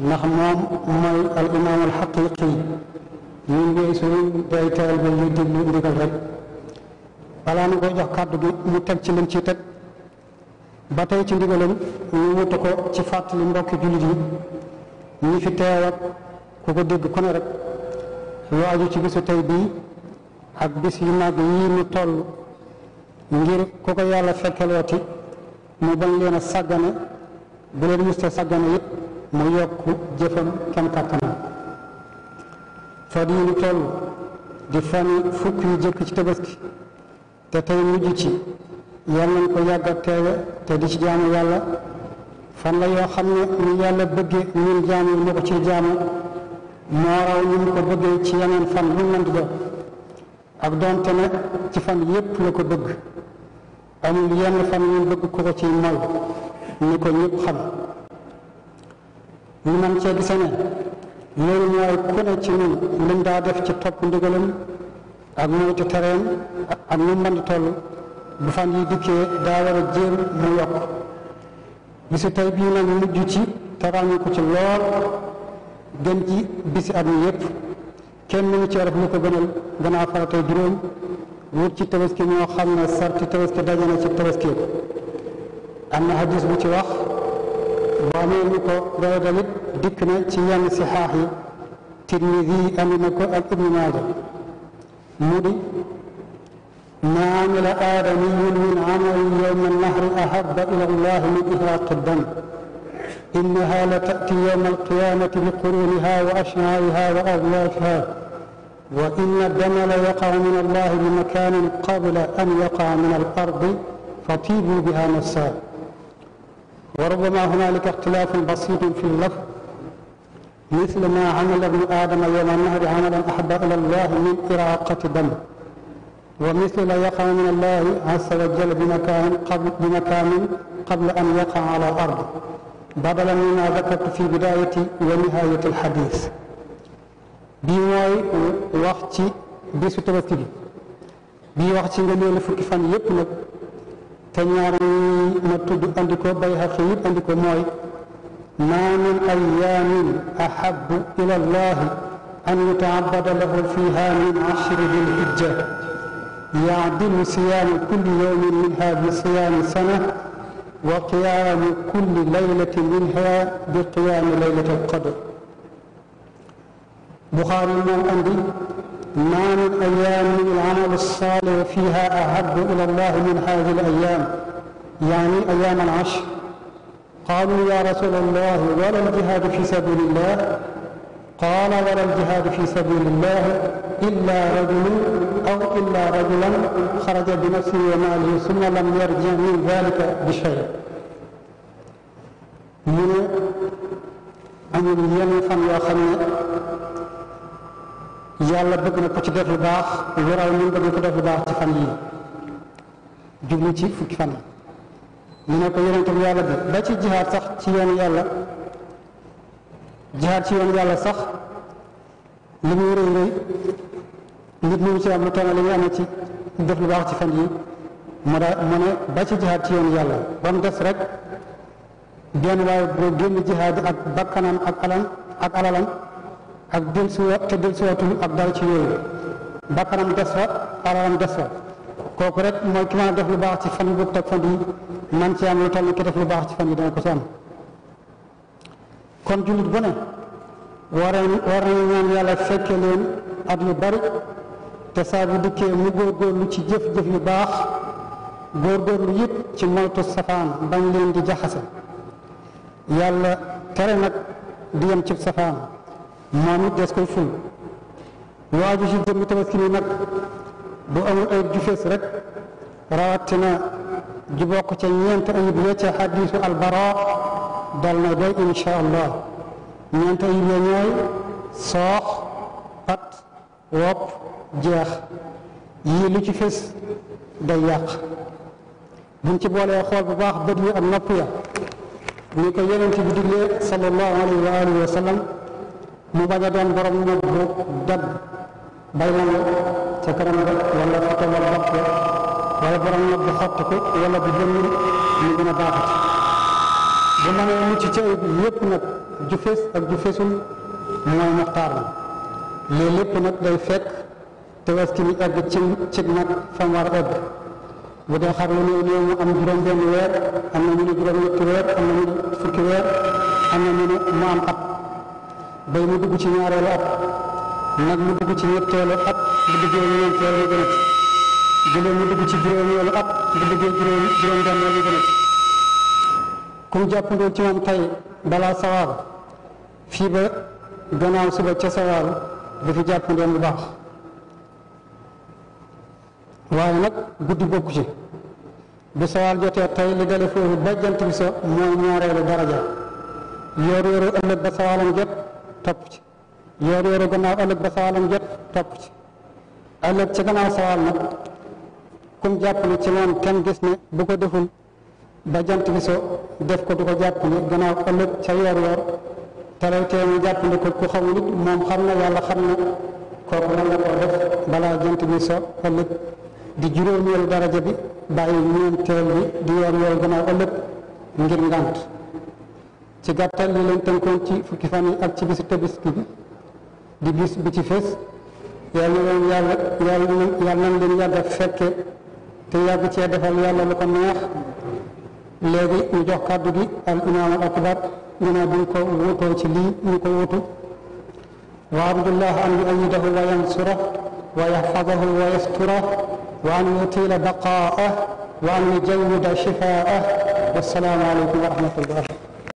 ndax moom mooy al imaam al xaqiqi ñun ñooy day teel ba ñuy déglu ndigal rek balaa ñu koy jox kàddu gi mu teg ci lim ci teg ba tey ci ndigalam ñu wutu ko ci fàttali mbokki jullit yi ñi fi teew ku ko dégg ku ne rek lu ci bisu tey bii ak bis yu màgg yii mu toll ngir ku ko yàlla fekkelooti mu bañ leen a sàggane bu leen musta sàggane it mu yokk jëfam kem kàttanam fan yi ñu toll di fan fukk yu jëkk ci tabaski te tey mujj ci yal nañ ko yàgg ak teewe te di ci jaamu yàlla fan la yoo xam ne ñu yàlla bëggee ñun jaamu moo ko ci jaamu moo raw ñu mu ko bëggee ci yeneen fan lu mu mënti doon ak doonte ne ci fan yépp la ko bëgg amul yenn fan ñu bëgg ko ko ci moy ni ko ñëpp xam ñu mën cee gise ne loolu mooy ku ne ci ñun lim daa def ci topp ndigalam ak moytu tereem ak ñu mën toll bu fan yi dikkee daa war a jéem mu yokk bisu tey bii nag mujj ci te ràññu ci lool gën ji bisi at mi yépp kenn mënu ci ref lu ko gënal gannaaw faratee juróom wut ci tabaski ñoo xam ne sarti tabaski daje na ci tabaski am na hadis bu ci wax waamee na ko loolu tamit dikk na ci yenn si xaax yi tirmidi yi andi na ko ak ibnu maaja mu di ma amila aadamiyun min amalin yowma nahri ahaba ila allah min ihraqi dam innaha la tati yowma alqiyamati bi quruniha wa ashnaaiha wa adlaafiha wa inna dama la yaqacu min allah bi makanin qabla an yaqaca min al ardi fatiibu biha nafsa وربما هنالك اختلاف بسيط في اللفظ مثل ما عمل ابن آدم يوم النهر عملا أحب إلى الله من إراقة دم ومثل لا يقع من الله عز وجل بمكان قبل, بمكان قبل أن يقع على الأرض بدلا مما ذكرت في بداية ونهاية الحديث bii mooy wax ci bisu tabaski bi bii wax ci nga leen fukki fan yépp nag te ñaar ñi ma tudd andi ko Bayhaqi it andi ko mooy maa min ayaamin ahabu ila allahi an yutaabada lahu fiha min ashri dilhijja yaadilu siyaamu kulli yawmin min hadi siyaami sana wa qiyaamu kulli laylatin minha bi qiyaami laylati alqadr Buxaari moom andi ما من أيام العمل الصالح فيها أحب إلى الله من هذه الأيام يعني أيام العشر قالوا يا رسول الله ولا الجهاد في سبيل الله قال ولا الجهاد في سبيل الله إلا رجل أو إلا رجلا خرج بنفسه وماله ثم لم يرجع من ذلك بشيء mu ne amul yenn fan yoo xam ne yàlla bëgg na ko ci def lu baax lu raw ñun bëgg bu ko def lu baax ci fan yi jublu ci fukki fan yi mu ne ko yonente bi yàlla bi ba ci jihaad sax ci yoon yàlla jihaad ci yoon yàlla sax li muy rëy rëy nit ñi ci am lu ci def lu baax ci fan yi mu daa mu ne ba ci jihaad yàlla ba mu des rek genn waaye boo génn jihaad ak bakkanam ak alam ak alalam ak del siwa te del siwatul ak dara ci yooyu bakkanam des fa alalam des fa kooku rek mooy ki mën def lu baax ci fan bu teg fan yi man ci am lu toll ki def lu baax ci fan yi dana ko ci am kon jullit bu ne war nañu war nañu yàlla fekke leen at yu bari te saa bu dikkee mu góorgóorlu ci jëf-jëf yu baax góorgóorlu yëpp ci moytu safaan bañ leen di jaxase yàlla tere nag di yem ci safaan moom it des koy ful waaju ci jëmmi tabaski bi nag bu amul ayib ju fees rek rawatina ju bokk ca ñeent ayib ya ca xadiisu albara dal na doy insha allah ñeent ayib ya ñooy soox pat wopp jeex yii lu ci fees day yàq buñ ci boolee xool bu baax bët yi ak nopp ya ni ko yonent bi diglee sallallahu alayhi wa alihi moo bañ a doon borom ñoom bu dagg bay nangu ca kanam ba wala fa tolloog bopp ba wala borom bu xott ko bu jëm ñu gën a baaxati ci ayib yépp nag ju ak ju feesul mooy muxtaar la lii nag day fekk tabaski mi egg ci ci nag war a egg bu dee xar lu néew néew am juróom benn weer am na ñu ne juróom ñetti weer am na ñu ne fukki weer am na ñu ne mu am at bay mu dugg ci ñaareelu at nag mu dugg ci ñetteelu at bu duggee ñeenteel mu gën a ci gëléem mu dugg ci juróomeelu at juróom juróom-benneel ca sawaal du fi jàppandoo bu baax waaye guddi bokku ci bu sawaal jotee tey li dale foofu ba jant bi so mooy ñaareelu daraja yor yoru ëllëg ba sawaalam jot topp ci yoo réere gannaaw ëllëg ba sawalam jot topp ci ëllëg ci gannaaw sawal nag kum jàppale ci loon kenn gis ne bu ko deful ba jant bi so def ko di ko jàppale gannaaw ëllëg ca yoor yoor teraw tee ñu jàppale ko ku xamul it moom xam na yàlla xam na kooku lan la ko def balaa jant bi so ëllëg di juróomeelu daraja bi bàyyi ñeenteel bi di yoor yoor gannaaw ëllëg ngir ngànt ci gàttal li leen tënkoon ci fukki fan yi ak ci bisu tabaski bi di bis bi ci fés yàlla na leen yàlla yàlla nañ leen yàgg a fekke te yàgg cee defal yàlla lu ko neex léegi ñu jox kàddu gi al imaam al ci lii ñu ko wutu wa abdullah an yuayidahu wa yansurah wa yaxfadahu wa yasturah wa an yutiila baqaa'ah wa an yujawwida